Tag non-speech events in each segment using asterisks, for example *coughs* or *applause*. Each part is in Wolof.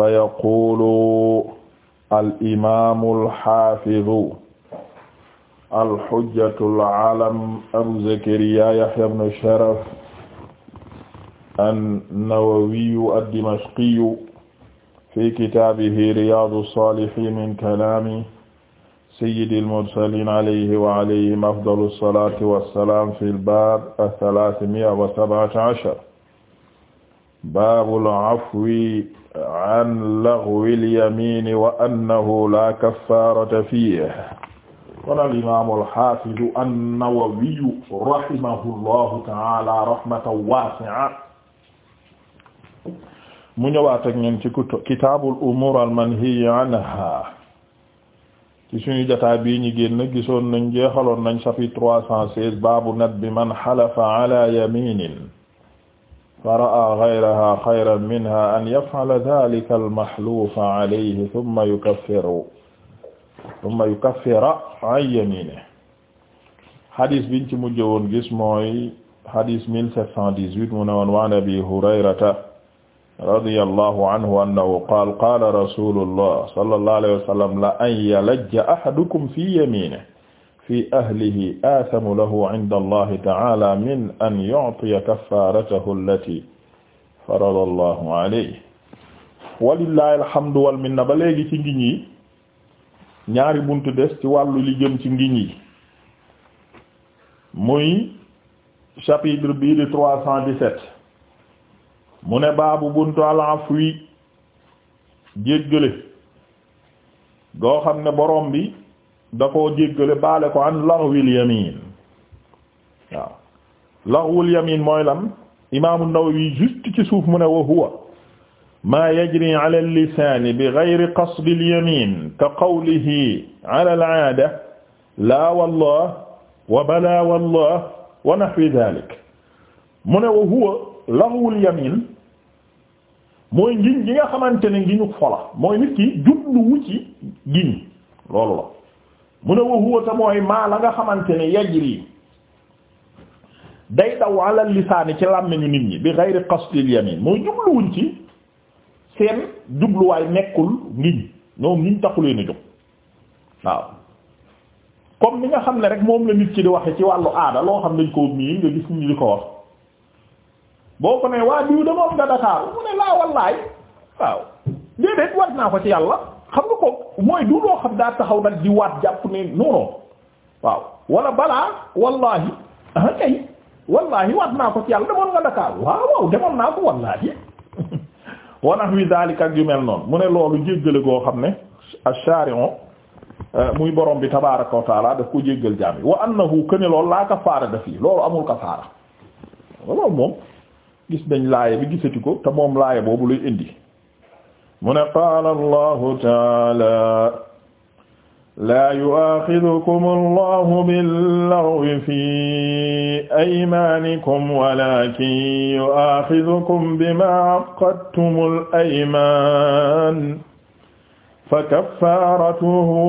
fa yaqulu al imaamu al xaafidu al xujjatul alam abu zakariya yahya ibn sharaf an-nawawiyu ad-dimashqiyu fi kitaabihi riyaadu saalihiin min kalaami sayyidil mursaliin alayhi wa alayhim afdalu salaati wa salaam fil baab as-salaasimi'a wa sab'ata ashar baabul afwi an laghwil yamini wa annahu la kaffarata fihi kon al imaam al haafiz an-Nawawi rahimahullahu ta'ala rahmatan waasi'a mu ñëwaat ak ñun ci kitaabul umuur al manhiyyi anhaa ci suñu jotaay bii ñu génn gisoon nañ jeexaloon nañ chapitre 316 baabu nadbi man halafa ala yaminin فرأى غيرها خيرا منها أن يفعل ذلك المحلوف عليه ثم يكفر ثم يكفر عن يمينه xadis biñ ci mujj woon gis mooy xadis 1718 mu ne woon وعن أبي هريرة رضي الله عنه أنه قال قال رسول الله صلى الله عليه وسلم لأن يلج أحدكم في يمينه fi ahlihi aatamu lahu inda allahi taala min an yu'tiya kafaaratahu allati farada allahu alhamdu wal ba léegi ci ngiñ yi ñaari buntu des ci wàllu li ci ngiñ yi muy chapitre bii di trois cent dix-sept mu ne baabu buntu al afwi jéggale goo xam ne borom da koo jéggale baale ko an laghwil yamin waaw laghwul yamin mooy lan imaamu Nawawi juste ci suuf mu ne wa huwa maa yajri ala wallah wa balaa wallah wa nahwi dhalik mu ne wa huwa laghwul yamin mooy ngiñ gi nga xamante ne ngiñu fola mooy nit ki jubluwu ci giñ loolu la mu ne waxuwa mooy maa la nga xamante ne yajri day daw ala lisaani ci làmmiñu nit ñi bi ghayri qasdil yamin mooy jubluwuñ ci seen jubluwaay nekkul ngiñ ñoom ngiñ taxu leen a jóg waaw comme ni nga xam ne rek moom la nit ci di wax ci wàllu aada loo xam dañ ko nga gis ñu di ko wax boo ko ne waa diw damoom nga Dakar mu ne laa wallaay waaw déedéet war naa ko ci yàlla xam nga ko mooy du loo xam daa taxaw nag di waat jàpp ne non non waaw wala balaa wallahi ah kay wallahi waat naa ko ci yàlla demoon nga Dakar waaw waaw demoon naa ko wallahi *laughs* wanax wi daalika ak yu mel noonu mu ne loolu jéggale goo xam ne ash-shari'u euh, muy borom bi tabaaraka wa taala daf ko jéggal jaam yi wa annahu këne laa kafaara daf yi loolu amul kafaara loolu moom gis nañ laaya bi gisati ko te moom laaya boobu lay indi mu ne qaala allahu taala laa yu'aaxidukum allahu bil-laghwi fii aymaanikum walaakin yu'aaxidukum bimaa aqadtumul aymaan fakaffaaratuhu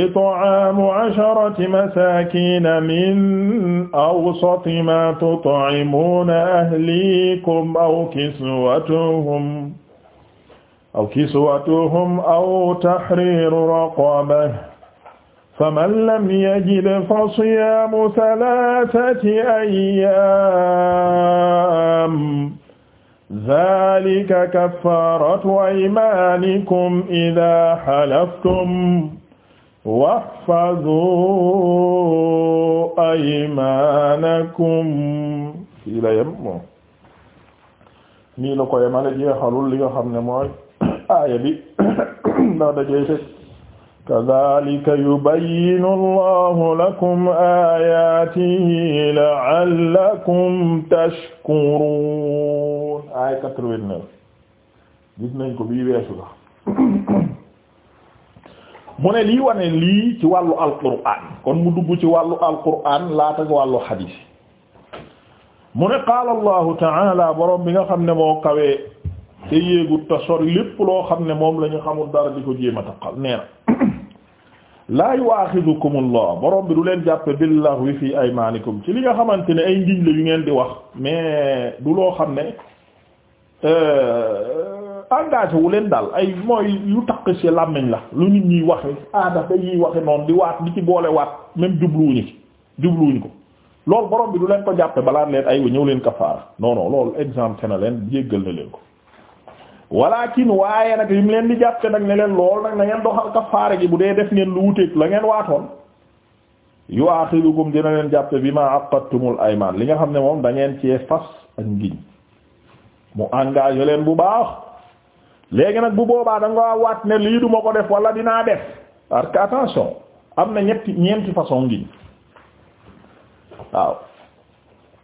it'aamu asharati masaakiina min awsati maa tut'imuuna ahliikum aw kiswatuhum aw kiswatuhum aw tahriru raqaba faman lam yajid fa siyaamu salaasati ayyaam zaalika kaffaaratu aymaanikum idaa halaftum wahfazuu aymaanakum fii la yem moom nii la ko yemale jeexalul li nga xam ne mooy aaya bi ndax *coughs* da cey teg kadhalika yubayyinu ayatihi la'allakum tashkurun aaya quatre-vingt-neuf gis nañ ko bii weesu la *coughs* mu lii wane lii ci wàllu alqur'an kon mu dugg ci wàllu alqur'an laata wàllu xadiis mu ne qaala allahu ta'ala borom nga xam ne moo kawee te yéegut te lépp loo xam ne moom la ñu xamul dara di ko jéem a taqal nee na *coughs* laa yu'akhidhukumullah borom bi du leen jàppe billaghwi fi aymanikum ci li nga xamante ne ay ngiñ la yu ngeen di wax mais du loo xam ne euh, engagé wu leen daal ay mooy yu taq ci làmmiñ la lu nit ñiy waxe aada da ñuy waxe noonu di waat di ci boole waat même jubluwuñu ci jubluwuñu ko loolu borom bi du leen ko jàppe balaa leen ay wa ñëw leen kafaara non non loolu exemple na leen jéggal na leen ko walakin waaye nag yi mu leen di jàppe nag ne leen lool nag na ngeen doxal kafaare gi bu dee def ngeen lu wuteeg la ngeen waatoon yu ko dina leen jàppe bi ma aqadtumul maan li nga xam ne moom da ngeen cee fas ak ngiñ mu engage leen bu baax léegi nag bu boobaa da nga waat ne lii duma ko def wala dinaa def parce que attention am na ñetti ñeenti façon ngiñ waaw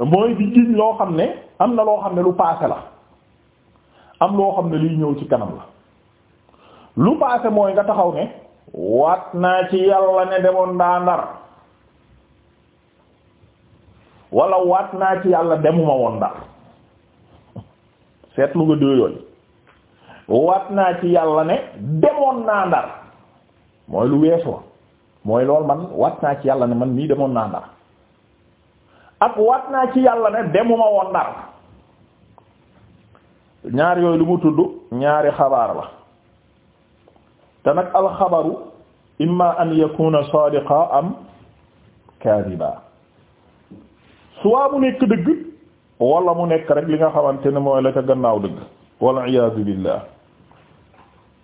mooy di ngiñ loo xam ne am na loo xam ne lu passé la am loo xam ne liy ñëw ci kanam la lu passé mooy nga taxaw ne wat naa ci yàlla ne demoon naa ndar wala waat naa ci yàlla demuma woon ndar seetlu nga dee yooyu naa ci yàlla ne demoon naa ndar mooy lu weesu wa mooy lool man wat naa ci yàlla ne man mii demoon naa ndar ak waat naa ci yàlla ne demuma woon ndar ñaari yooyu lu mu tudd ñaari xabaar la te nag alxabaru imma an yakuna sadiqa am kadiba soit mu nekk dëgg wala mu nekk rek li nga xamante ne mooy la ca gannaaw dëgg wal iyaazu billah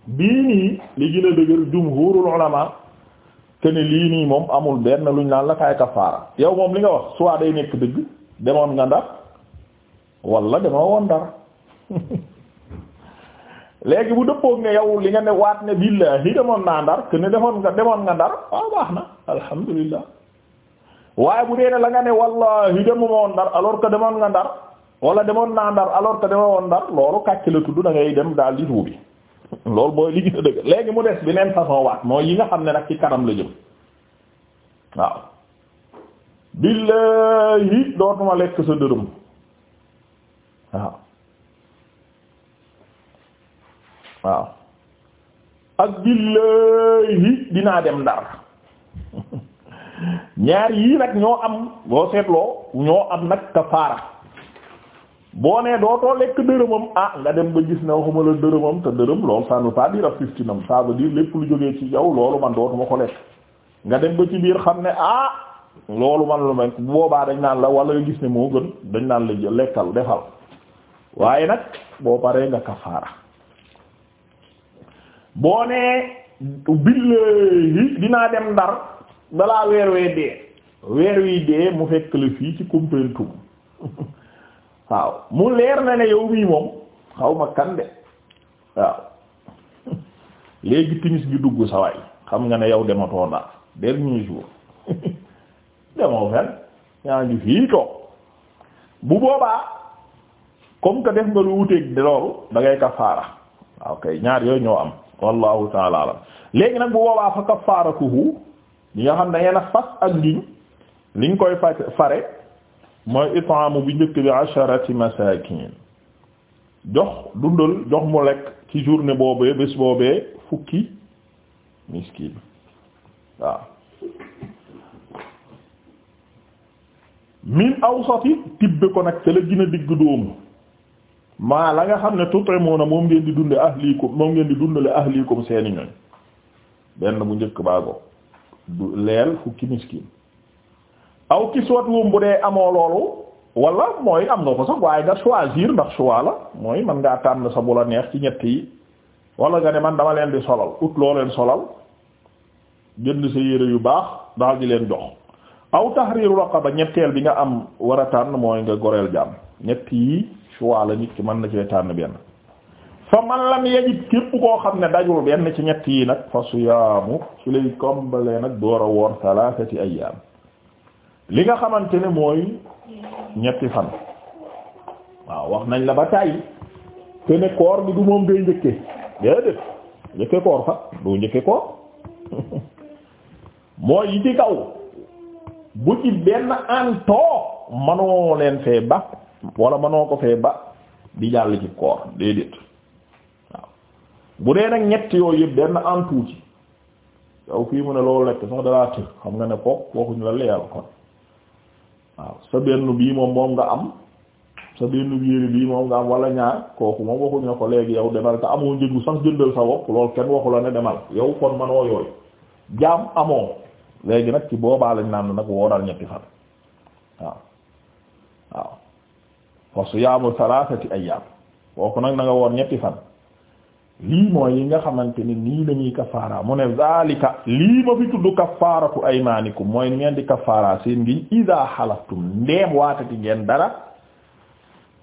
bii nii li gën a dëgër jumhurul ulama te ne lii nii moom amul benn luñ naan la kaay kafaara yow moom li nga wax soit day nekk dëgg demoon nga ndar wala demoo woon ndar *laughs* léegi bu dëppoog ne yow li nga ne waat ne billahi demoon naa ndar que defoon nga demoon nga ndar waaw baax na alhamdulillah waaye bu dee ne la nga ne wallahi demuma woon ndar alors que demoon nga ndar wala demoon naa ndar alors que dema woon ndar loolu kàcc la tudd da ngay dem daal di tuubi *laughs* loolu mooy li gën a léegi mu des beneen façon waat mooy yi nga xam ne nag ci kanam la jëm waaw billahi dootuma lekk sa dërëm waaw waaw ak billaahi dinaa dem ndar ñaar yii nag ñoo am boo seetloo ñoo am nag kafaara boo nee dootoo lekk dërëmam ah nga dem ba gis ne waxuma la dërëmam te dërëm loolu ça ne veut pas dire ak fistinam ça veut lu jógee ci yow loolu man dootuma ko lekk nga dem ba ci biir xam ne ah loolu man lu ma boobaa dañ naan la wala nga gis ne moo gën dañ naan la lekkal defal waaye nag boo paree nga kafaara boo nee billahi dinaa dem ndar balaa weer wee dee weer wi dee mu fekk la fii ci Koumpentoum *laughs* waaw mu leer na ne yow mii moom xaw ma kan de waaw *laughs* léegi timis gi dugg sa waay xam nga ne yow dematoo ndar dernier jour *laughs* demoo fen bu boobaa comme que def nga lu wuteeg ñaar yooyu ñoo am wallahu taala alam léegi nag bu boobaa fa kafaaratuhu li nga xam ne yéen a fas ak ngiñ liñ koy fa fare mooy itaamu bi njëkk bi asharati masakin jox dundal jox mu lekk ci journée boobee bés boobee fukki miskin waaw min awsati tibbe ko nag ca la gën a digg dóomu maa la nga xam ne tut'imuna moom ngeen di dunde ahlikum moom ngeen di dundale ahlikum seeni ñoñ benn bu njëkk baago du leel fukki miskin aw kiswatuhum bu dee amoo loolu wala mooy am nga ko sax waaye nga choisir ndax choix la mooy man ngaa tànn sa bu la neex ci ñett yi wala nga ne man dama leen di solal ut loo leen solal gën sa yére yu baax daal di leen jox aw tahriru raqaba ñetteel bi nga am war a tànn mooy nga goreel jaam ñett yi choix la nit ki mën na ci tànn benn fa man lam yajid képp koo xam ne dajul benn ci ñett yi nag fa siyaamu ci lay combale nag door a woor salatati ayyam li nga xamante ne mooy ñetti fan waaw wax nañ la ba tàyyi te ne koor gi du moom day njëkke déedéet njëkke koor fa du njëkke koor *laughs* mooy yi ci kaw bu ci benn an manoo leen fee ba wala mënoo ko fee ba di jàll ci koor déedéet waaw bu dee nag ñetti yooyu yëpp benn en tout ci yow fii mu ne loolu lekk sax dalaa tër xam nga ne kook waxuñu la leyal kon sa benn bii moom moom nga am sa benn biir bii moom nga wala ñaar kooku moom waxuñu la ko léegi yow demal te amoo njëgu sax jëndal sa bopp loolu kenn waxu la ne demal yow kon manoo yooyu jaam amoo léegi nag ci boobaa lañ naan nag wooral ñetti fan waaw waaw fa siyaamu thalathati ayyam kooku nag na nga woor ñetti fan lii mooy yi nga xamante ni nii lañuy kafaara mu ne zalika lii ma fi tudd ay aymaanikum mooy ngeen di kafaara seen ngiñ ida xalaftum ndeem waatati ngeen dara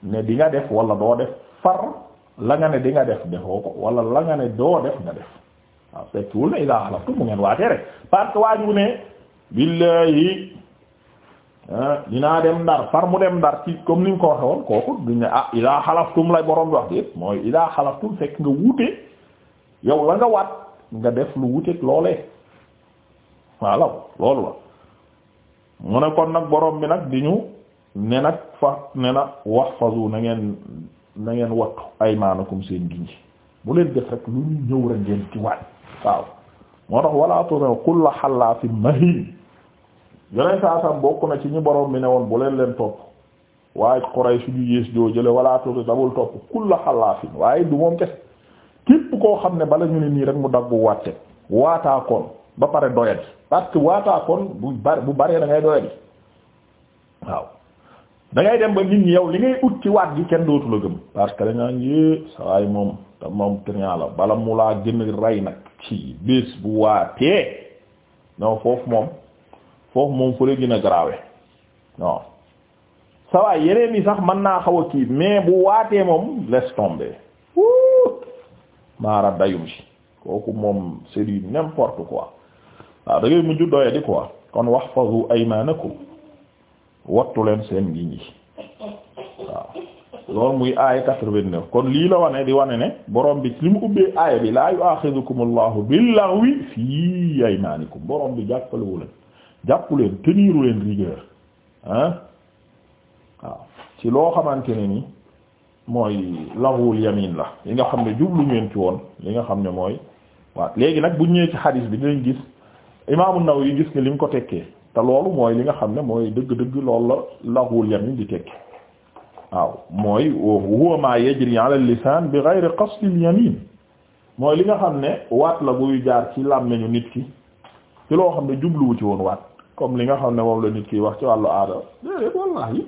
ne di nga def wala doo def far la ne di def defoo ko wala la ne doo def nga def waaw fekkiwul ne ida xalaftum mu ngeen waatee rek waaju ne billahi dinaa dem ndar far mu dem ndar ci comme ni ko waxe woon kooku duñ ne ah idaa xalaftum lay borom bi wax déet mooy idaa xalaftum fekk nga wuute yow la nga waat nga def lu wuuteeg loolee voilà loolu la mu ne kon nag boroom bi nag di ñu ne nag fa ne na wax fasu na ngeen na ngeen wattu aymaanakum seen ginji bu leen def rek lu ñu ñëw rek ngeen ci waat waaw moo tax wala tuqul kulla xallaafin mahiin yoneen saa sam bokk na ci ñi borom bi ne woon bu leen leen topp waaye Quraysh ju yées joo jële wala tuuti dabul topp kulla xalaafin waaye du moom kese képp koo xam ne bala ñu ne nii rek mu daggu wàtte waataakoon ba pare doyadi parce que waataakoon bu bari bu baree dangay ngay doyadi waaw da dem ba nit ñi yow li ngay ut ci waat gi kenn dootu la gëm parce que dañaa ngi sawaay moom te moom triant la bala mu laa gën rey nag bés bu waatee non foofu foofu moom fu la gën a grave non sawaay yeneen yi sax mën naa xaw a kii mais bu waatee moom laisse tomber maara dayum si kooku moom c'est du n'importe quoi waaw ah, da ngay mujj doye di quoi kon wahfazu aymanakum wattu leen seen ngiñ yi waaw loolu muy aaya quatre-vingt-neuf kon lii la wane di wane ne borom bi li mu ubbee aaya bi laa yu'akhidhukum allahu bil-laghwi fii aymaanikum borom bi jàppalewuleen jàppu leen teniru leen rigueur ah waaw ci loo xamante ne ni mooy lawul yamin la li nga xam ne jublu ngeen ci woon li nga xam ne mooy waaw léegi nag bu ñëwee ci xadiis bi dinañ gis imaamu yi gis nga li mu ko tekkee te loolu mooy li nga xam ne mooy dëgg-dëgg lool la lawul yamin di tekki waaw mooy huwa ma yajri lisaan bi ghayri qasdi yamin mooy li nga xam ne waat la buy jaar ci nañu nit ki ci loo xam ne jubluwu ci woon waat comme li nga xam ne moom la nit ki wax ci wàllu aada déedéet wallaahi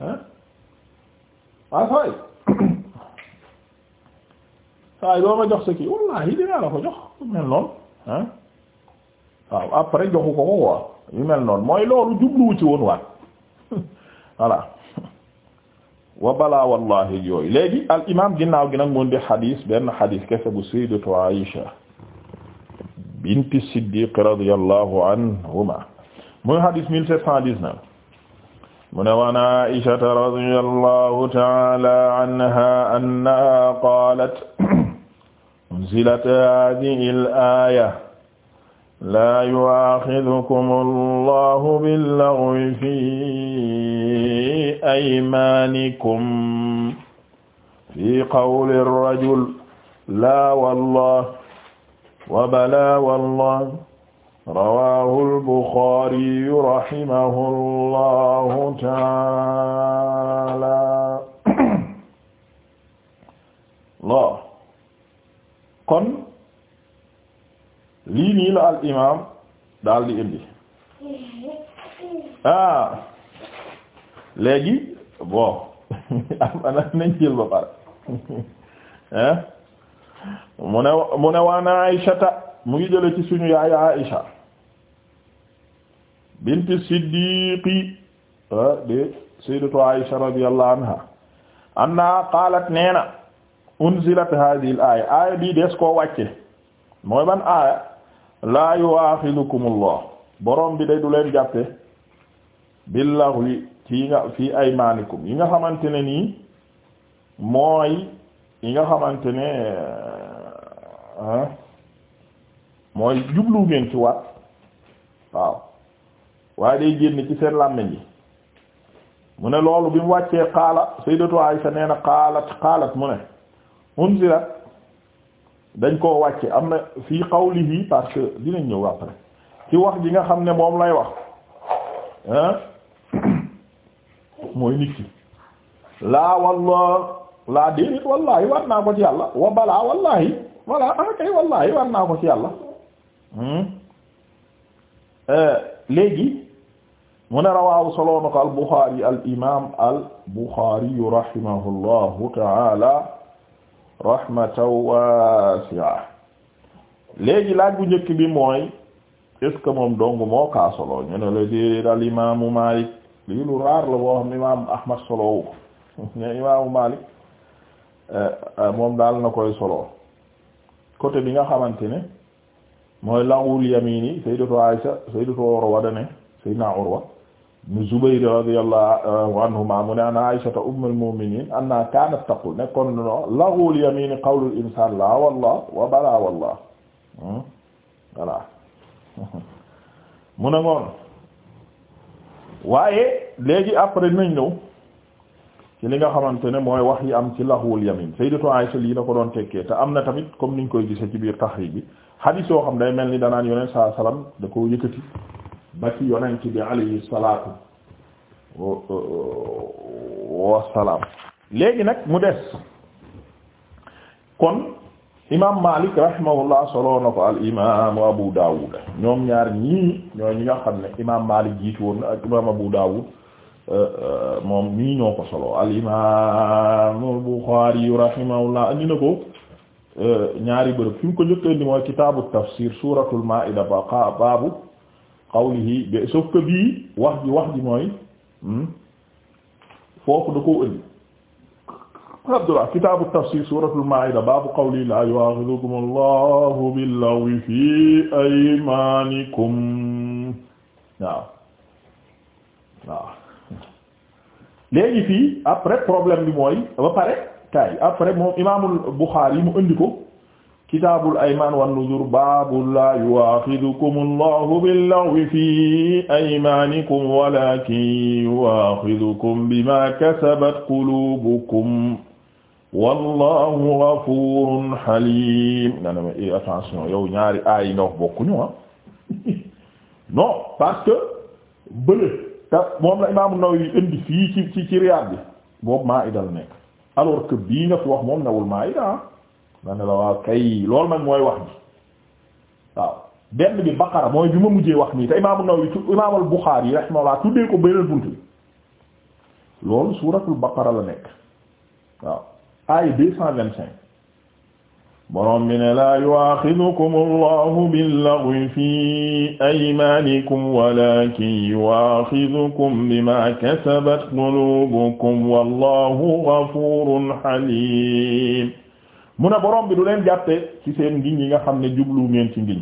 hein waaw ah, saay *coughs* saay ma jox sa kii wallaahi dinaa mel noon hein waaw après joxu ko ko quoi yu mel noonu mooy loolu jubluwu ci woon waat *laughs* voilà *laughs* wallahi yooyu léegi al imaam ginnaaw gi nag mun di xadiis benn xadiis kese bu sayyidatu Aisha binti Siddiq radiyallahu anhuma muy hadis 1719 mu ne waan Aïshata radiyallahu ta'ala anha annaha qalat unzilat hadhihi al-aya la yu'akhidhukum allahu bil-laghwi fi aymanikum fi qawli ar-rajul la wallah wa bala wallah rawaahu al-Buxaari taala lo kon lii nii al imaam daal di indi ah léegi bon am *laughs* nañ jël ba pare mu *laughs* mu ne waa na Aysata mu ngi jële ci suñu yaay Aisha binti siddiqi ah, de sayyidatu Aisha radiyallahu anha anna qaalat neena unzilat hadhihi al-aaya aaya bi des koo wàcce mooy ban aaya laa yu'aaxidukumullah borom bi day du leen jàppe billaghwi fii nga fii aymaanikum yi nga xamante ne nii mooy yi nga xamante ne ah, mooy jublu ngeen ci waat waaw waaye day génn ci seen làmmiñ yi mu ne loolu bi mu wàccee qaala sayyidatu Aisha nee na qaalat qaalat mu ne unzilat dañ koo wàcce am na fii qawlihi parce que dinañ ñëw après ci wax ji nga xam ne moom lay wax ah mooy nit ki laa wallah laa déedéet wallahi war naa ko ci yàlla wa balaa wallahi wala ah wallahi war naa ko ci yàlla Hmm? Euh, léegi mu ne rawaahu soloonu ko al Buxaari al imaam al Buxaari rahimahullahu taala rahmatan waasi'a léegi laaj bu njëkk bi mooy est-ce moom dong moo kaa solo ñu ne la déedéet al imaamu Maalik lii lu raar la boo xam ne Ahmad solowu ko *laughs* mais euh, euh, moom daal na koy solo côté bi nga xamante ne. mooy lawul yamini sayyidatu Aisha sayyidatu Urwa dane sayyidina Urwa ibn Zubayr radiyallahu uh, anhuma mu ne ana Aisha ummul mu'minin anna kanat taqul nekkoon no lawul yamini insan la wallah wa bala wallah hmm? *laughs* mu ne ngoon waaye léegi après nañ ñëw ci li nga xamante ne mooy wax yi am ci laxwul yamin sayyidatu Aisha lii na ko doon tekkee te am na tamit comme niñ koy gisee ci biir taxriij bi xadiis yoo xam day mel ni danaan yonent saa salaam da ko yëkkati ba ci yonent bi alayhi salaatu wa léegi nag mu des kon imaam Maalik rahimahullah soloo na ko al imaamu Abu Daawud ñoom ñaar ñii ñooy ñi nga xam ne imaam Maalik jiitu woon ak imaam Abu Daawud euh, euh, moom ñii ñoo ko solo al imaamu Buxaari rahimahullah andi ko. ñaari bërëb fi mu ko njëkk indi mooy baqa baabu qawlihi bi sauf bii wax ji wax ji mooy hmm, foofu da koo indi Abdullah kitaabu tafsir suuratul maa'ida baabu qawlihi laa yu'aaxizukum Allahu bil-lagwi fii aymaanikum waaw après problème bi mooy kaay après moom imaamul Buxaari mu indi ko kitaabul aymaan wan nuzur baabu laa yuwaaxidukum allahu billaghwi fi aymaanikum walaakin yuwaaxidukum bimaa kasabat quluubukum wallahu ghafuurun haliim nga ne ma eh attention yow ñaari aay nga wax bokkuñu ah *laughs* non parce que bële te moom la imaamu Nawawi indi fii ci ci ci Riyaad bi boobu maa idal nekk. alors que bii nga fi wax moom newul maa yi daa ne la waaw kay loolu nag mooy wax ji waaw benn bi baqara mooy bi ma mujjee wax nii te imaamu Nawawi imaamu al-Bukhari rahimahullah tuddee ko beneen bunt bi loolu suuratul baqara la nekk waaw aaya deux cent vingt-cinq borom bi ne laa yu'aaxidukum allahu billaghwi fi aymaanikum walaakin yu'aaxidukum bimaa kasabat quluubukum wallaahu ghafuurun haliim mu ne borom bi du leen jàppe ci seen ngiñ yi nga xam ne jublu ngeen ci ngiñ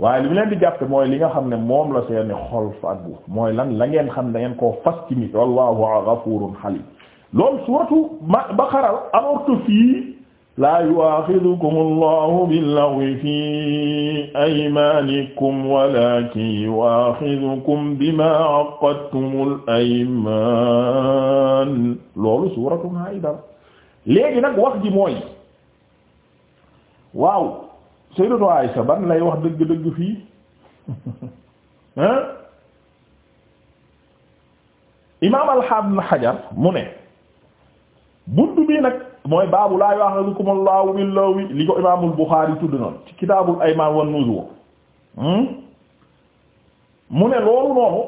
waaye li mu di jàppe mooy li nga xam ne moom la seen xol fàggu mooy lan la ngeen xam ne ngeen koo fas ci nit fii laa yu'aaxidukum allahu billaghwi fii aymaanikum walaakin yu'aaxidukum bimaa 'aqadtumul aymaan loolu suuratu Maa'ida léegi nag wax ji mooy waaw sayyidatu Aysa ban lay wax dëgg-dëgg fii ah *laughs* imaam al-Haafiz Ibn Hajar mu ne buntu bi nag. mooy baabu laa yu'akhidhukumullahu bil-lahwi li ko imaamul Bukhari tudd noonu ci kitaabul aymaan wan nuzuur hmm? mu ne loolu noonu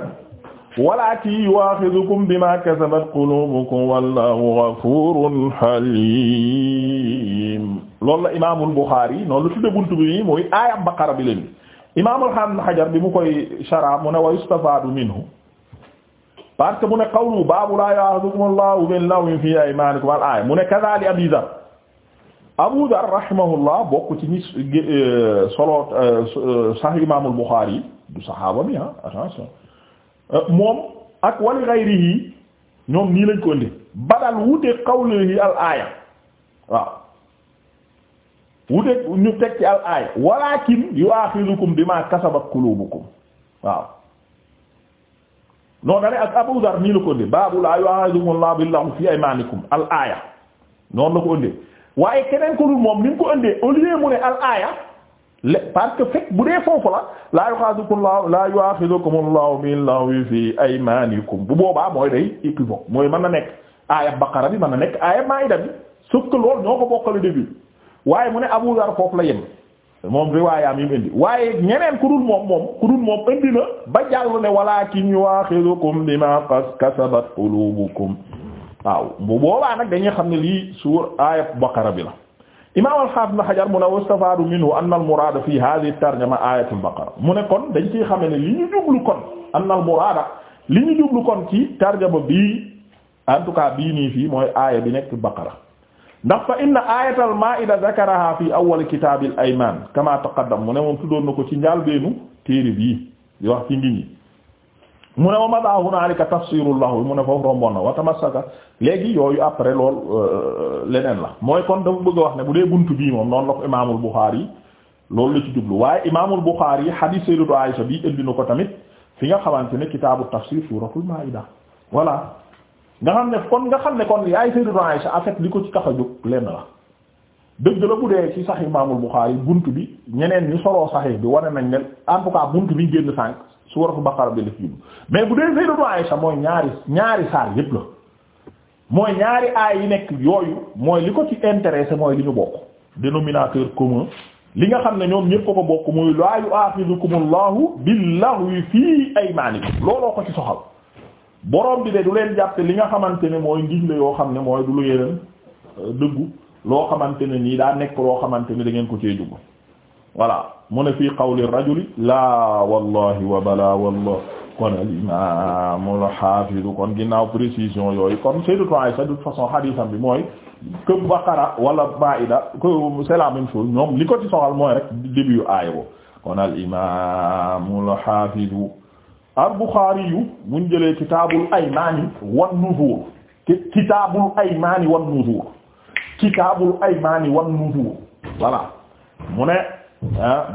*coughs* walaaki yu'akhidhukum bimaa kasabat qulubukum wallahu ghafurun halim loolu la imaamul Bukhari noonu lu tudde buntu bi nii mooy aayam Baqara bi leen imaamul Hafiz Hajar bi mu koy shara mu ne wa yustafaadu minhu parce que mu ne qawlu baabu laa ya'zukum Allahu bil lawmi fi aymanikum al aaya mu ne kazaali Abi Dar Abu Dar rahimahullah bokk ci ñi euh, solo euh, Sahih Imaamul Bukhari du saxaaba mi ah euh, moom ak wali ghayrihi ñoom nii lañ badal wute qawlihi al aaya wute ñu teg ci al aaya walaakin yu'axidukum bimaa kasabat qulubukum non dane ak Abu Dar nii la ko ëndee baabu laa yu'azimullaahu bil-laghwi fii aymaanikum al aaya noonu la ko ëndee waaye keneen ko dul moom ni ko ëndee au lieu mu ne al aaya le parce que fekk bu dee foofu la laa yu'azimullaahu laa yu'akhidhukumullaahu bil-laghwi fii aymaanikum bu boobaa mooy day équivoque mooy mën na nekk aaya Baqara bi mën na nekk aaya Maayda bi sauf que loolu ñoo ko bokkale début waaye mu ne Abu Dar foofu la yem. moom riwaayam yi mu indi waaye ñeneen ku dul moom moom ku dul moom indi na ba jàll ne walaakin yuwaaxidukum bimaa kasabat qulubukum waaw bu boobaa nag dañuy xam ne lii suur aayat baqara bi la imaam al-Haafiz Ibn Hajar mu ne wastafaadu minhu anna al-muraada fi haadihi tarjama aayatul mu ne kon dañ ciy xame ne li ñu jublu kon anna al li ñu jublu kon ci tarjama bii en tout cas bii nii fii mooy aaya bi nekk baqara ndax fa inna ayatal maida zakaraha fi awwal kitaabil ayman kama taqaddam mu ne moom tuddoon na ko ci njàlbeenu téere bii di wax ci ngiñ yi mu ne wa mada hunaalika tafsiru mu ne foofu romboon na wa tamassaka léegi yooyu après lool euh, leneen la mooy kon dafa bëgg a wax ne bu dee buntu bi moom noonu la ko imaamul Buxaari yi loolu la ci jublu waaye imaamul Buxaari yi hadith sayyidatu bi indi ko tamit fi nga xamante ne kitaabu tafsir suuratul maa'ida voilà nga xam ne kon nga xam ne kon yaay Sayyidatu Aisha en fait li ko ci tax a jóg lenn la dëgg la bu dee ci Sahih Imam Bukhari bunt bi ñeneen ñu soloo Sahih bi wane nañ ne en tout cas bunt bi génn sànq suuratu Baqara bi lif yib mais bu dee Sayyidatu Aisha mooy ñaari ñaari saal yépp la mooy ñaari aay yi nekk yooyu mooy li ko ci intéressé mooy li ñu bokk dénominateur commun li nga xam ne ñoom ñépp ko ko bokk muy laa yu'axidukum Allahu bil-laghwi fii aymaanikum looloo ko ci soxal borom bi de du leen jàppe li nga xamante ne mooy ndigle yoo xam ne mooy du lu yeneen euh, dëggu loo xamante ne nii daa nekk loo xamante ni da ngeen ko cee dugg voilà mu ne fii qawli rajuli laa wallahi wa bala wallah kon al imam al hafiz kon ginnaaw précision yooyu kon Sayyidatu Aisha de toute façon hadisam bi mooy que Baqara wala Maïda que c'est la même chose li ko ci soxal mooy rek début yu aaya kon al imam al Buxaari yu muñ jëlee kitaabul aymaani wan nuzuur kitaabul aymaani wan nuzuur kitaabul aymaani wan nuzuur voilà mu ne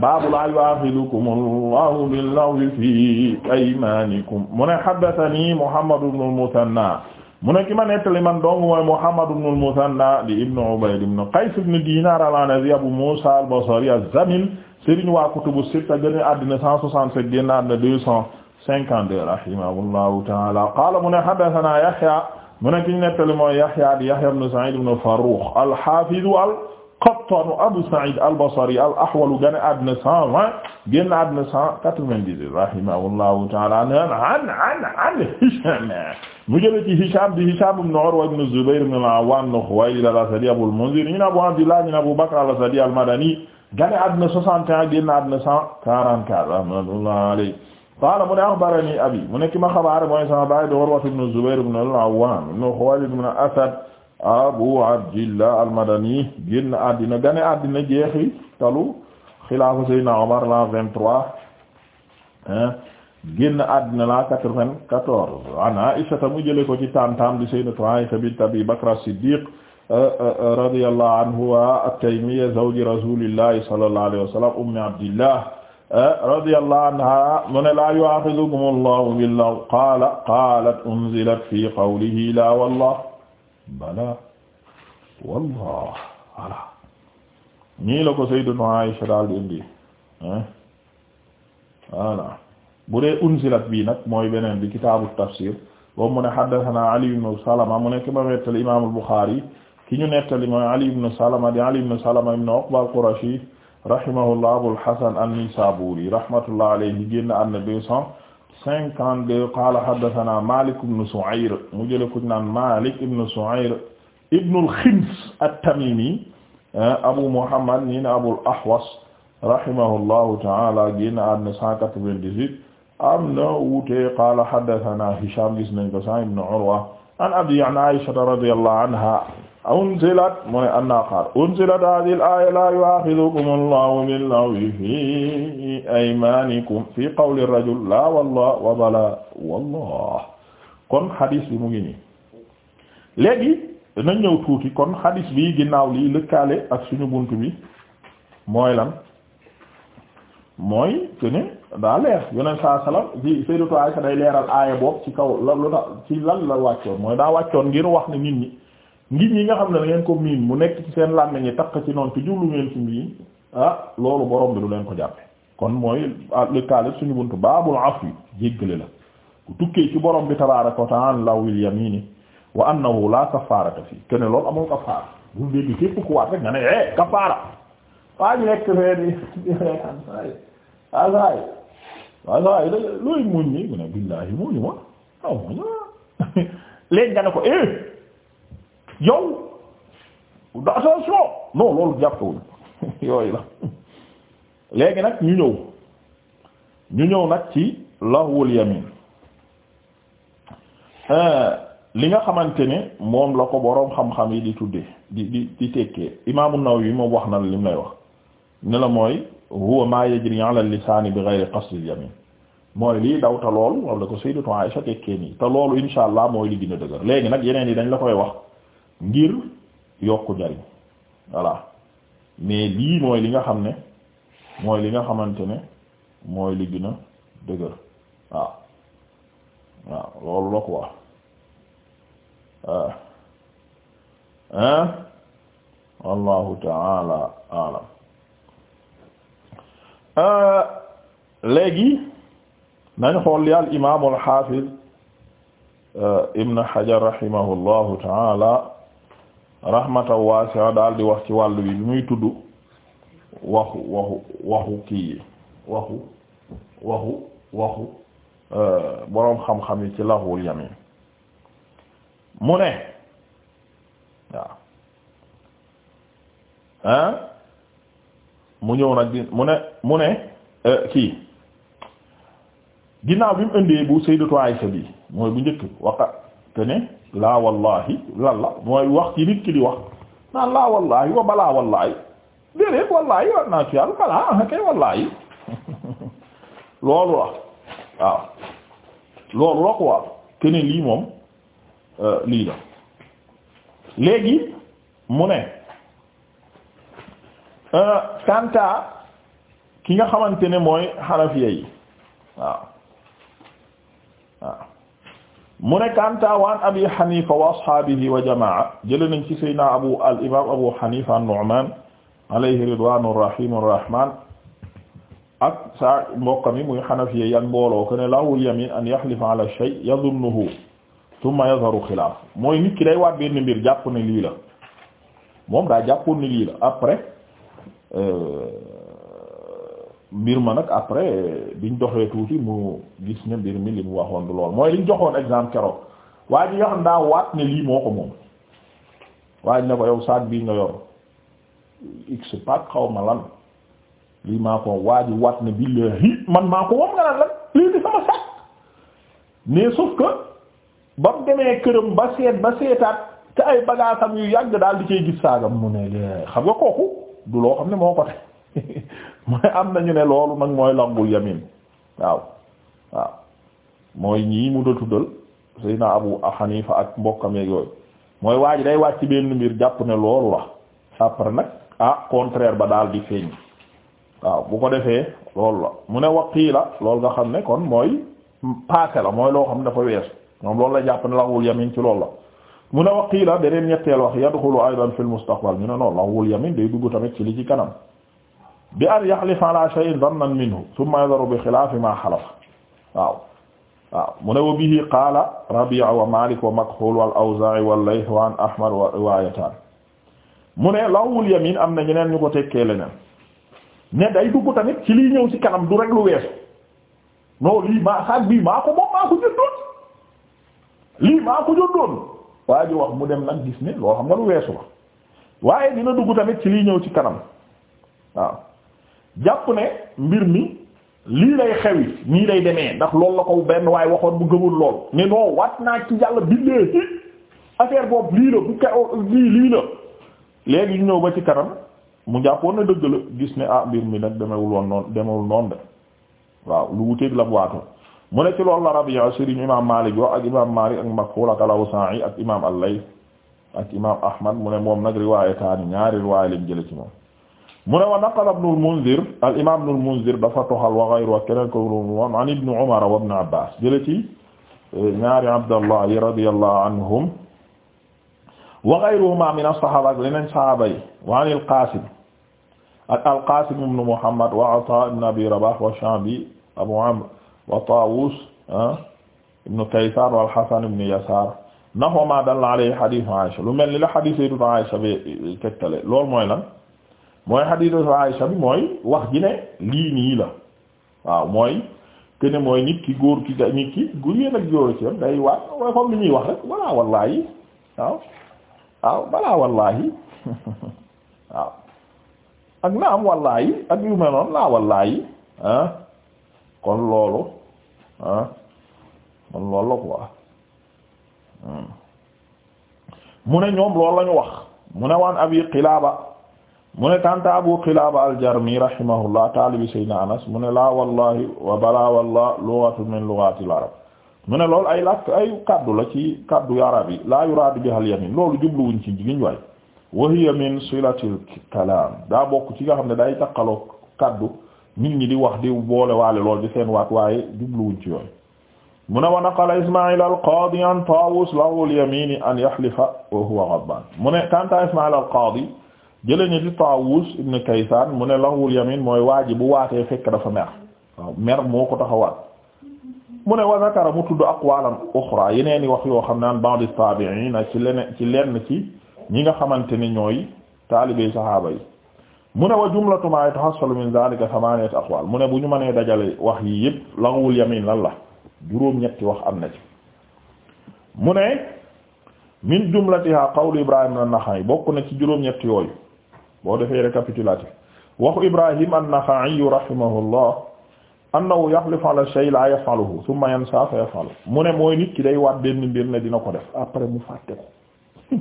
baabu laa yu'aaxidukum Allahu bil-lagwi fii aymaanikum mu ne haddathanii Muhammad ibn al-Muthanna mu ne ki ma nettali man dong mooy Muhammad ibn al-Muthanna di ibn Ubayd ibn Qays ibn Diinaar al-Anazi Abu Muusaa al-Basri az-Zamin sëriñ waa kutubu sitta gën a addina 167 génn addina 200 52 rahimahullahu taala qaala mu ne haddathana Yahya mu ne ki ñu nettali mooy Yahya di Yahya ibn Sa'id ibn Farrukh al-Hafiz al-Qattan Abu Sa'id al-Basri al-Ahwal gane àddina 120 génn àddina 198 rahimahullahu taala an an an Hisham mu jële ci Hisham di Hisham ibn Urwa ibn Zubayr ibn al-Awwam ibn Khuwaylid al-Asadi Abul Munzir ibn Abu Abdillah ibn Abu Bakr al-Asadi al-Madani gane àddina 61 génn àddina 144 rahimahullahu alayhi qaala mu ne axbarani abi mu nekk ma xabaar mooy sama baay di Urwa ibn Zubayr ibn al-Awwam ibn Khuwaylid ibn Asad Abu Abdillah al-Madani génn àddina gane àddina jeexi talu xilaafa Seydina Omar la 23 hein génn àddina la 94 an Aisha mu jële ko ci taam-taam di Sayyidatu Aisha bint Abi Bakr as-Siddiq euh, euh, radiyallahu anha at-Taymiyya zawji rasulillahi sallallahu alayhi wa sallam ummi Abdillah Eh, radiyallahu anha mu ne laa yu'aaxizukum allahu billaw qaala qaalat unzilat fi qawlihi laa wallah bala wallah ala ñii la ko sayyidatu Aisha daal di indi eh? voilà bu dee unzilat bii nag mooy beneen bi kitaabu tafsir boobu mu ne haddathana Ali ibn Salama mu nekk ma nettali imaamul Buxaari ki ñu nettali mooy Ali ibn Salama di Ali ibn Salama ibn Uqba al-Qurashi rahimahullah Abul Hasan an-Nisaburi rahmatullah alayhi génn am na deux cent cinquante-deux qala haddathana Malik ibn Su'ayr mu jële ko naan Malik ibn Su'ayr ibn al-Khims at-Tamimi ah, Abu Muhammad ñi ne Abul Ahwas rahimahullahu ta'ala génn am na cent quatre-vingt-dix-huit am na wuute qala haddathana Hisham gis nañ ko sa ibn Urwa an abi an Aisha radiyallahu anha unzilat mu ne anna xaar unzilat hadhihi al-aya la yu'akhidhukum Allahu bil-laghwi fi aymanikum fi qawli rajul la wallah wa bala wallah kon hadith bi mu ngi nii léegi na ñëw tuuti kon hadith bi ginnaaw lii lëkkaale ak suñu bunt bi mooy lan mooy que ne daa leer yeneen saa salaam ci Sayyidatu Aisha day leeral aaya boobu ci kaw la lu tax ci lan la wàccoon mooy daa wàccoon ngir wax ne nit ñi ngir ñi nga xam ne da ko miin mu nekk ci seen làmmiñ ñi takk ci noonu te jublu ngeen ci mii ah loolu borom bi du leen ko jàppe kon mooy ah, lëkkaale suñu buntu baabul afwi jéggale la ku tukkee ci borom bi tabaaraka wa ta'aala lawil yamini wa annahu la kafaarata fii kene loolu amul kafaara bul dégg képp ku waat rek nga ne eh kafaara waa ñu nekk fee di looy muñ nii mu ne billaahi muñu ma waaw *laughs* nga ne ko eh yow attention non loolu jàppewuñ *laughs* yooyu la léegi nag ñu ñëw ñu ñëw nag ci lahwul yamin euh, li nga xamante ne moom la ko boroom xam-xam yi di tuddee di di di tekkee imaamu yi moom wax na li lim lay wax ne la mooy huwa ma yajri ala lisaani bi ghayri qasdil yamin mooy lii dawta loolu la ko sayyidatu Aisha tekkee nii te loolu insha allah mooy li a dëgër léegi nag yeneen yi dañ la koy wax ngir yokk jariñ voilà mais lii mooy li nga xam ne mooy li nga xamante ne mooy li gën a dëgër waaw waaw loolu la quoi hein ah. ah. wallahu taala alam ah. léegi nañ xool li al al xaafid ibn Hajar rahimahullahu taala rahmatan wasi'a daal di wax ci wàllu bi bi muy tudd waxu waxu waxu kii waxu waxu waxu euh, boroom xam-xam yi ci lahul yamin mu ne waaw ah mu ñëw nag mu ne mu ne euh, kii ginnaaw bi mu indee bu sayyidatu Aisha bi mooy bu njëkk waqa te ne laa wallaahi lan mooy wax ci nit ki di wax naan laa wallaahi wa balaa wallaahi déedéet wallaahi war naa ci yàlla balaa ah kay wallaahi *laughs* loolu la waaw loolu la quoi kene lii moom euh, lii la léegi mu ne euh, kanta ki nga xamante ne mooy xanafiya yi waaw waaw mu ne kanta waan abi hanifa wa ashaabihi wa jamaa jële nañ ci saydna abu al imam abu hanifa an-nu'man alayhi ridwanu rahimu rahman ak sa mbokka mi muy xanafiye yan mbooloo ko ne lahul yamin an yaxlifa ala shay yadunnuhu thumma yadharu xilaaf mooy nit ki day waat benn mbir jàpp ne lii la moom daa jàppoon ne lii la après euh, mbir ma nag après biñ doxee tuuti mu gis ne mbir mi li mu waxoon du lool mooy liñ joxoon exemple keroog waa ji nga xam daa waat ne lii moo ko moom waa ji xaw ma lan lii maa ko waa ji waat ne billahi man maa ko moom nga naan lan lii di sama saak mais sauf que ba demee këram ba seet ba seetaat te ay bagaasam yu yàgg daal di cay gis saagam mu ne xam nga kooku du loo xam ne moo ko teg mooy am nañu ne loolu nag mooy lambul yamin waaw waaw mooy ñii mu da tuddal Seydina Abu Hanifa ak mbokkam yeeg yooyu mooy waa ji day wàcc benn mbir jàpp ne loolu la après nag ah contraire ba daal di feeñ waaw bu ko defee loolu la mu ne waqii la loolu nga xam ne kon mooy passé la mooy loo xam ne dafa weesu moom loolu la jàpp ne lawul yamin ci loolu la mu ne waqii la beneen ñetteel wax yadxulu aydan fil mustaqbal ñu ne noonu lawul yamin day dugg tamit ci li kanam bi an yaxlifa ala shay'in dhannan minhu thumma yadharu bi xilaafi ma xalafa waaw waaw mu ne wa bihi qaala Rabi'a wa Maalik wa Makhul wal Awzaa'i wa an Ahmad riwaayataan mu ne lawul yamin am na ñeneen ñu ko tekkee leneen ne day dugg tamit ci li ñëw ci kanam du rek lu weesu non lii maa saag bii moom maa ko jëndoon lii maa ko ji wax mu dem nag gis ne loo xam nga lu weesu la waaye dina dugg tamit ci li ñëw ci kanam waaw jàpp ne mbir mi lii lay xewi nii lay demee ndax lool la ko benn waaye waxoon bu gëmul lool ne non waat naa ci yàlla bindee ci affaire boobu lii la bu ko lii lii la léegi ñu ñëw ba ci kanam mu jàppoon na dëgg la gis ne ah mbir mi nag demewul woon noonu demewul noonu de waaw lu wuteeg la mu waatoon mu ne ci loolu la Rabi'a sëriñ imaam Maalik wax ak imaam Maalik ak Makhuul ak al-Awzaa'i ak imaam al ak imaam Ahmad mu ne moom nag riwaayataani ñaari riwaaya lañ jële mu ne wa naqala ibnu al-Munzir al-imaam ibnu al-Munzir dafa toxal wa ghayru wa keneen ko moom an ibnu Umar wa ibnu Abbaas jële ci eh, ñaari Abdallah yi radiyallahu anhum wa ghayruhumaa min as-sahaaba ak leneen sahaaba yi wa an al-Qaasim ak al-Qaasim ibnu Muhammad wa Ataa ibnu Abi Rabaah wa Sha'bi Abu Amr wa Taawus ah, ibnu Kaysaan wa al-Hasan ibnu Yasaar nahumaa dalla alayhi hadiisu Aysha lu mel ni la hadiisu Aysha bi eh, tegtale loolu mooy lan mooy xadiisu Aysa bi mooy wax ji ne lii nii la waaw mooy te ne mooy nit ki góor ki ga nit ki gu yéen ak góor ci yam day waat mooy comme li ñuy wax rek balaa wallaahi waaw waaw balaa wallaahi *laughs* waaw ak na am wallaahi yu mel noonu laa ah kon loolu ah kon loolu la quoi hmm. mu ne ñoom loolu la ñu wax mu ne waan abi Qilaaba mu ne kanta Abu Qilaaba al-Jarmi rahimahullah taalibi Seydina Anas mu ne laa wallahi wa balaa wallah lughatu min lughatil arab mu ne loolu ay làkk ay kaddu la ci kaddu arab yi laa yuraadu biha al-yamin loolu jubluwuñ ci liñ waay wa hiya min silatil kalaam daa bokk ci nga xam ne day taqaloo kaddu nit ñi di wax di boole waale di seen waat waaye jubluwuñ ci yooyu mu ne wa naqala Ismaïl al-Qaadi an Taawus lahu al-yamin an yahlifa wa huwa ghadbaan mu ne kanta al-Qaadi jëlee ñu ci Taawus ibn Kaysaan mu ne lahwul yamin mooy waa ji bu waatee fekk dafa mer waaw mer moo ko taxawaat mu ne wa zakara mu tudd aqwalan uxra yeneen i wax yoo xam naan ba'd tabi'in ci leneen ci lenn ci ñi nga xamante ni ñooy taalibey saxaaba yi mu ne wa jumlatu ma yatahassalu min zalika thamaniyat aqwal mu ne bu ñu mënee dajale wax yi yëpp lahwul yamin lan la juróom-ñetti wax am na ci mu ne min jumlatiha qawlu Ibrahim an yi bokk na ci juróom-ñetti yooyu boo defee récapitulatif waxu Ibrahim an-Nakha'i rahimahullah annahu yaxlifu ala shay la yafaluhu thumma yansa fa yafalu mu ne mooy nit day waat benn mbir dina ko def après mu fàtte ko *laughs*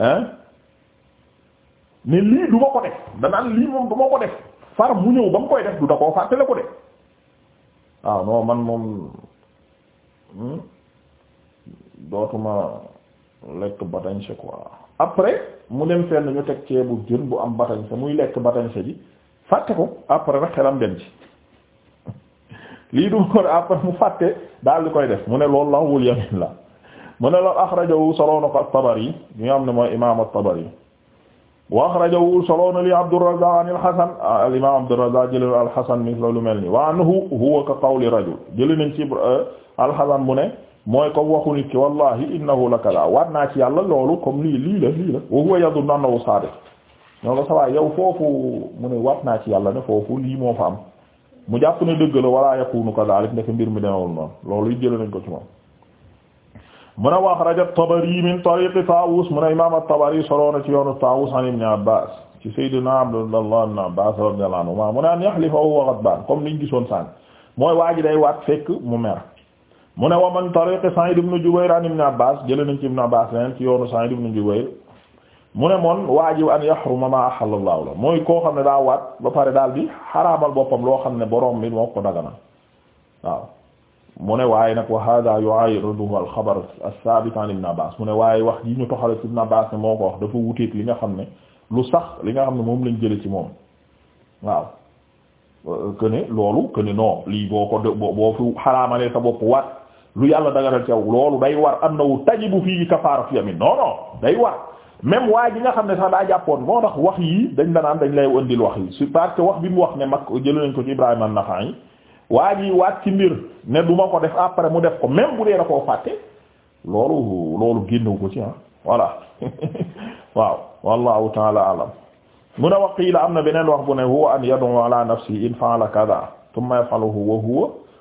hein ne lii du ma ko def danaan lii moom du ko def far mu ñëw ba koy def du da koo fàttale ko de waaw ah, non man moom hmm? dootuma lekk batañse quoi après mu dem fenn ñu teg ceebu jën bu am batañse muy lekk batañse ji fàtte ko après nag xelam dem ci *laughs* lii du ko après mu fàtte daal di koy def mu ne loolu lahwul yamin la mu ne loolu axrajahu soloona ko at-Tabari ñu nga xam ne mooy imam at-Tabari wa axrajahu soloona li Abdurrazzaq an al-Hasan ah, al-imam Abdurrazzaq jëlin al mel ni wa anhu huwa ka qawli rajul jëli nañ ci euh, al-Hasan ne mooy comme waxu nit ki wallahi innahu la kada waat naa ci yàlla loolu comme lii lii la lii la wa huwa yadunnu annahu sadiq ñoo la sawaay yow foofu mu ne waat naa ci yàlla ne foofu lii moo fa am mu jàpp ne dëgg la wala yakunu kadhalik ndeke mbir mi demewul noonu loolu jël nañ ko ci moom mun a wax rajo Tabari min tariqi Tawus mun a imaam at-Tabari solo na ci yoonu Tawus an ibn Abbas ci sayyidina Abdullah ibn Abbas radiyallahu anhu mu ne an gisoon sànq mooy waa ji day waat mu mer mu ne wa man tariqi Sa'id ibn Jubayr an ibn Abbas jëlee nañ ci ibn Abbas leneen ci yoonu Sa'id ibn Jubayr mu ne moon waajib an yahruma ma ahalla Allahu la mooy koo xam ne daa waat ba pare daal di xaraamal boppam loo xam ne borom bi moo ko dagana waaw mu ne waaye nag wa hada yu'aridu al-xabar as-saabit an ibn Abbas mu ne waaye wax yi ñu toxale ci ibn Abbas ne moo ko wax dafa wuteeg li nga xam ne lu sax li nga xam ne moom lañ jële ci moom waaw euh, que loolu que ne non lii boo ko boo fi lu yàlla daganal ci yow loolu day war annahu tajibu fii kafaaratu yamin non non day war même waa ji nga xam ne sax daa jàppoon moo tax wax yi dañ danaan dañ lay andil wax yi su parce que wax bi mu wax ne mag jël nañ ko ci Ibrahima an-Naxa'i waa ji waat ci mbir ne du ma ko def après mu def ko même bu dee da koo fàtte loolu loolu génnewu ko ci ah voilà *laughs* waaw wallahu taala alam mun a wax la am na beneen wax bu ne huwa an yad'u ala nafsihi in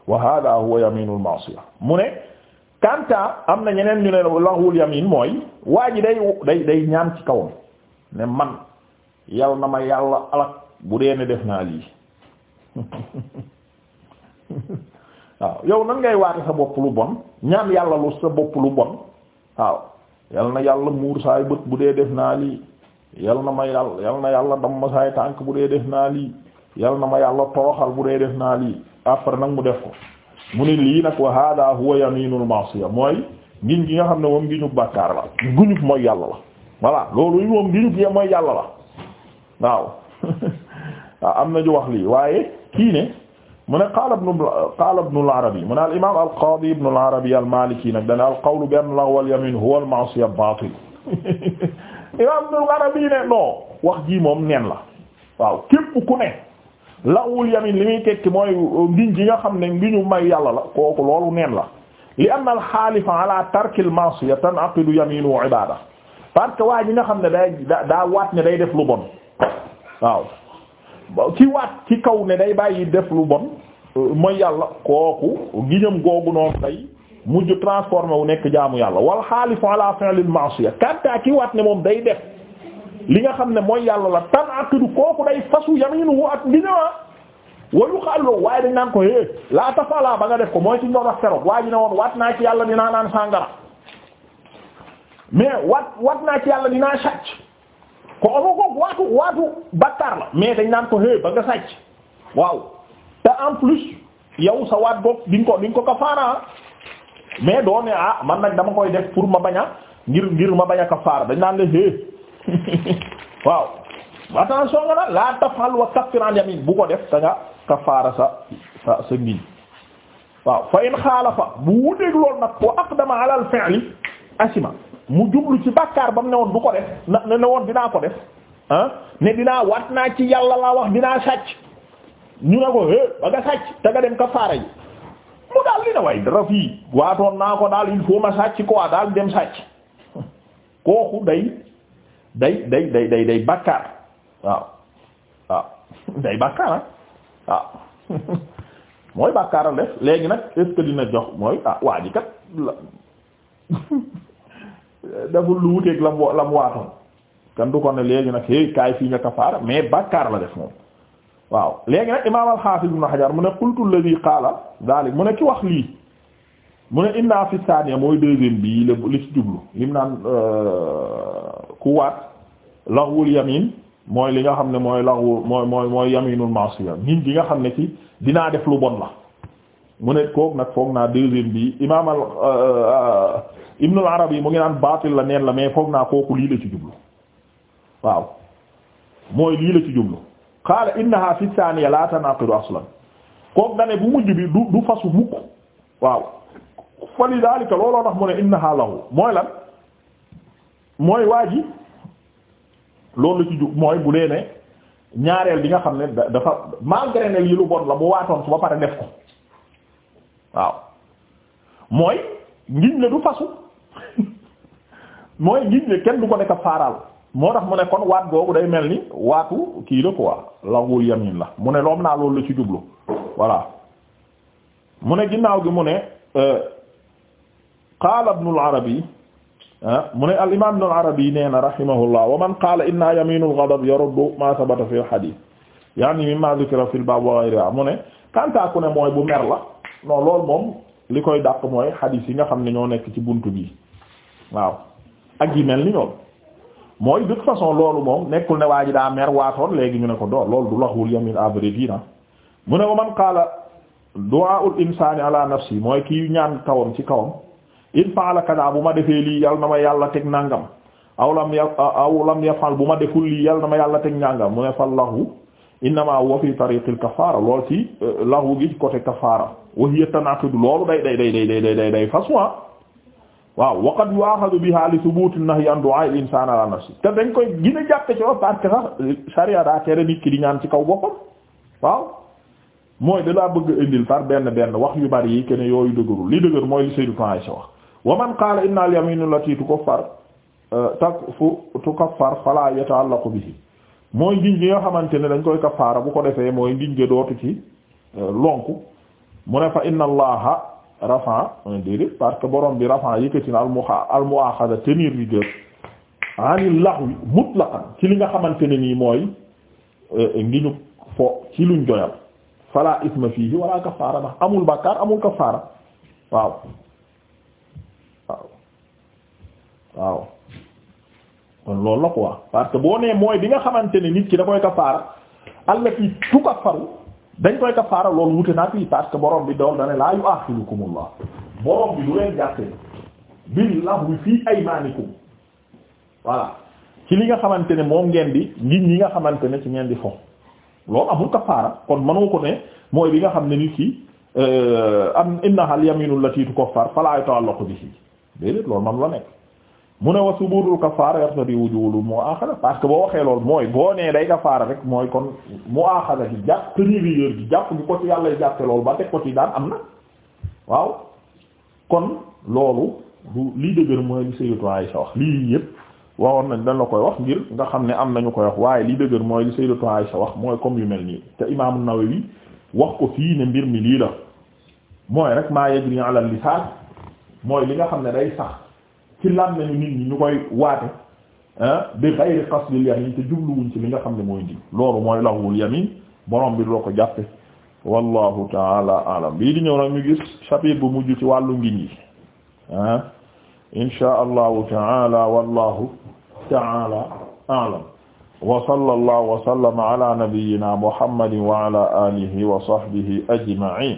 wa hada huwa yaminul ma'siya mu ne am na ñeneen ñu ne lahul yamin mooy waa ji day day ñaan ci kawam ne man yal na ma yàlla alak bu dee ne def naa lii *laughs* waaw yow nan ngay waate sa bopp lu bon ñaan yàlla lu sa bopp lu bon waaw yal na yàlla muur saay bët bu dee def naa lii yal na ma yàlla yal na yàlla damm saay tànk bu dee def naa lii yal na ma yàlla tooxal bu dee naa lii après nag mu def ko mu ne lii nag wa hada huwa yaminul masiya mooy ngiñ gi nga xam ne moom ngiñub bàkkaar la guñub mooy yàlla la voilà loolu moom ngiñub yee mooy yàlla la *laughs* waaw am na ñu wax lii waaye kii ne mu ne qaala ibnu qaala ibnu al-Arabi mu ne al imam al qaadi ibnu al-Arabi al maliki nag dane al qawlu bi anna lahu wal yamin huwa al ma'siya baatil *laughs* imam ibnu al-Arabi ne non wax ji moom neen la waaw képp ku ne lawul yamin li muy tekki mooy euh, ngiñ gi nga xam ne ngiñu may yàlla la kooku loolu neen la li anna al xaalifa ala tarkil ma'siya tan'aqidu yaminu ibada parce que waa ji nga xam ne day daa waat ne day def waaw ki waat ci kaw ne day bàyyi def lu bon euh, mooy yàlla kooku giñam googu noonu day mujj transformé wu nekk jaamu yàlla wal xaalif ala fi'lil ma'siya kanta ki waat ne moom day def li nga xam ne mooy yàlla aa tan'aqidu kooku day fasu yaminuhu ak ginnaaw wayu xaaluloo waaye dañ naan ko é eh, laa tafala ba nga def ko mooy ci doon wax keroog waa ji ne woon wat naa ci yàlla dinaa naan sàngara mais wat waat naa ci yàlla dinaa sàcc ko ama koog waatu waatu la mais dañ naan ko é eh, ba nga sàcc waaw te en plus yow sa waat boog di ko di nga ko kafaara ah. mais doone ah man nag dama koy def pour ma bañ a ngir ngir ma bañ a dañ naan eh, waaw attention nga nag la tafal wa kaffir an yamin bu ko def da nga kafaara sa sa sa waaw fa in xaalafa bu wuteeg loolu nag wa aqdama ala al fi'li asima mu jublu ci bàkkaar ba mu ne woon bu ko def na ne woon dinaa ko def ah ne dinaa waat naa ci yàlla laa wax dinaa sàcc ñu ne ko é ba nga sàcc te nga dem kafaara yi mu daal li way dara fii waatoon naa ko daal il faut ma sàcc quoi daal dem sàcc *laughs* kooku day day day day day day bàkkaar waaw waaw *laughs* day bàkkaar ah waaw *laughs* mooy bàkkaar def léegi nag est-ce que dina jox mooy ah kat la *laughs* deful lu wuteeg la mu la mu waatoon kan du ko ne léegi nag hey kaay fii nga kafaara mais bàkkaar la def moom waaw léegi nag imaam al-Hafiz ibn Hajar mu ne qultu alladhi qaala daalik mu ne ki wax lii mu ne inna fi thaniya mooy deuxième bii la li ci jublu lim naan euh, ku waat laxwul yamin mooy li nga xam ne mooy laxwul mooy mooy mooy yaminul masiya nit gi nga xam ne ci dinaa def lu bon la mu ne kook nag foog naa deuxième bi imaam al euh, ibnul arabi yi mu ngi naan baatil la neen la mais foog naa kooku lii la ci jublu waaw mooy lii la ci jublu qaala innaha fi thaniya la tanaqidu aslan kook dane bu mujj bi du du fasu mukk waaw fa li daalika looloo tax mu ne innaha lahu mooy lan mooy waa ji loolu ci ju mooy bu dee ne ñaareel bi nga xam ne dafa malgré ne yi lu bon la bu waatoon su ba pare def ko waaw mooy ngiñ la du fasu *laughs* mooy ngiñ kenn du ko nekk faaraal moo tax mu ne kon waat googu day mel ni waatu kii la quoi lawul yamin la mu ne loom naa loolu la ci jublu voilà mu ne ginnaaw gi mu ne euh, qaala ibnul arabi mu ne al imam ibn al arabi nee na rahimahullah wa man qaala inna yaminul ghadab yaruddu ma sabata fi al yaani mimma dhukira fil bab wa ghayriha mu ne kanta ku ne mooy bu mer la non loolu moom li koy dàq mooy hadith yi nga xam ne ñoo nekk ci bunt bi waaw ak yi mel ni ñoom mooy de façon loolu moom nekkul ne waa ji daa mer waatoon léegi ñu ne ko doo loolu du laxul yamin à vrai dire mu ne wa man qaala du'aa'ul insaani ala nafsi mooy kii ñaan kawam ci kawam in faala kada bu ma defee lii yal na ma yàlla teg nàngam aw lam ya bu ma deful lii yal na ma yàlla teg nàngam mu ne fal lahu innama huwa fi tariqil kafaara lool ci eh, lahu gi ci côté kafaara wa hiya tanaqidu loolu day day day day day day day façon ah. waaw wa qad yu'akhadhu biha li thubut an-nahy an du'a al-insan ala nafsi te dañ koy gën a jàppe ci wax parce que sax sharia daa tere nit ki di ñaan ci kaw boppam waaw mooy da laa bëgg indil par benn benn wax yu bari yi kenn yooyu dëgërul li wa man qaala inna al-yaminu allati tukaffar takfu tukaffar fala yata'allaqu bihi mooy ngiñ bi nga xamante ne dañ koy kafaara bu ko defee mooy ngiñ gi dootu ci euh, lonku mu ne fa inna allaha rafa déedéet parce que borom bi rafa yëkkati na almuxa almuaxada tenir rigueur anil lahwi mutlaqan ci li nga xamante ne nii mooy euh, ngiñu fo ci luñ joyal fala isma fihi wala kafaara ndax amul bàkkaar amul kafaara waaw waaw kon loolu la quoi parce que boo nee mooy bi nga xamante ne nit ki da koy kafaara allati tukaffaru dañ koy kafaara loolu wute naa fii parce que borom bi dool dana laa yu'axirukumullah borom bi du leen jàppe bil lahwi fii aymaanikum voilà ci li nga xamante ne moom ngeen di ngiñ ñi nga xamante ne ci ngeen di fo loolu amul kafaara kon mënoo ko ne mooy bi nga xam ne nit ki euh, am innaha al yaminu allati tukaffar fala yata'allaqu bihi déedéet loolu man la nekk mu ne wa subutul kafaara yartadi wujubul mu axada parce que boo waxee loolu mooy boo nee day kafaara rek mooy kon mu axada bi jàpp prévieur bi jàpp bi ko ci yàlla jàppe loolu ba teg ko ci daan am na waaw kon loolu lii dëgër mooy li Sayyidatu Aisha wax lii yëpp waxoon nañ dañ koy wax ngir nga xam ne am nañu koy wax waaye lii dëgër mooy li Sayyidatu Aisha wax mooy comme yu mel nii te Imaamu Nawawi wax ko fii ne mbir mi lii la mooy rek maa yajri ala li nga xam ne day sax ci làmmeñu nit ñi ñu koy waate ah, bi ghayri qasdil yamin te jubluwuñ ci li xam ne mooy di loolu mooy lahwul yamin borom bi doo ko jàppe wallahu taala alam bii di ñëw nag ñu gis chapitre bu mujj ci wàllu ngiñ yi ah insha allahu taala wallahu taala alam wa sallallahu wa sallama ala nabiyyina muhammadin wa ala alihi wa sahbihi ajma'in